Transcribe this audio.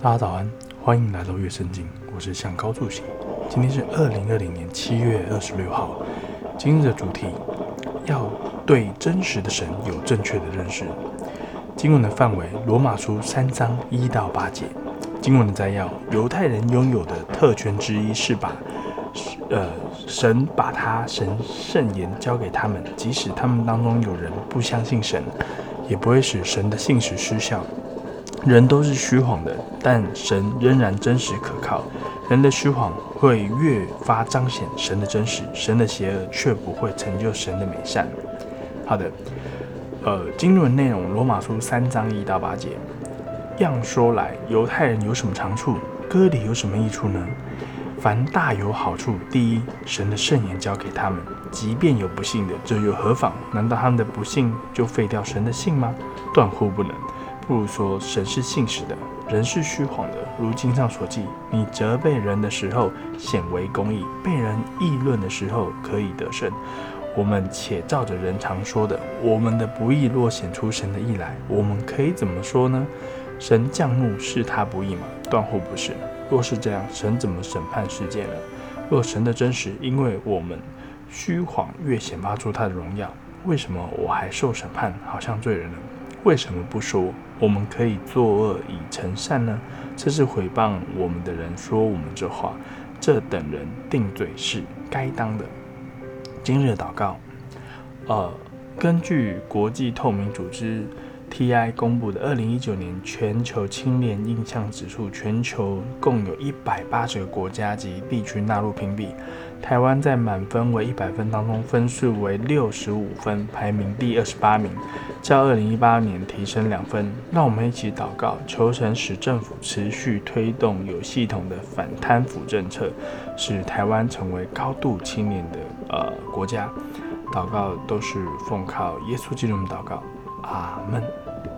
大家早安，歡迎來到樂聖經，我是向高助行。今天是二零二零年七月二十六號。今日的主題要對真實的神有正確的認識。經文的範圍：羅馬書三章一到八節。經文的摘要：猶太人擁有的特權之一是把，呃，神把他神聖言交給他們，即使他們當中有人不相信神，也不會使神的信實失效。人都是虛謊的，但神仍然真實可靠。人的虛謊會越發彰顯神的真實，人的邪惡卻不會成就神的美善。好的，呃，經文內容：羅馬書三章一到八節。樣說來，猶太人有什麼長處？割禮有什麼益處呢？凡大有好處：第一，神的聖言交給他們，即便有不信的，這又何妨？難道他們的不信就廢掉神的信嗎？斷乎不能。不如說，神是信實的，人是虛謊的。如經上所記，你責備人的時候顯為公義，被人議論的時候可以得勝。我們且照着人常說的，我們的不義若顯出神的義來，我們可以怎麼說呢？神降怒是他不義嗎？斷乎不是。若是這樣，神怎麼審判世界呢？若神的真實，因為我們虛謊越顯發出他的榮耀，為什麼我還受審判，好像罪人呢？為什麼不說我們可以作惡以成善呢？這是誹謗我們的人說我們這話，這等人定罪是該當的。今日禱告，呃，根據國際透明組織。T.I. 公布的二零一九年全球清廉印象指數，全球共有一百八十個國家及地區納入評比。台灣在滿分為一百分當中，分數為六十五分，排名第二十八名，較二零一八年提升兩分。讓我們一起禱告，求神使政府持續推動有系統的反貪腐政策，使台灣成為高度清廉的呃國家。禱告都是奉靠耶穌基督的禱告。阿門。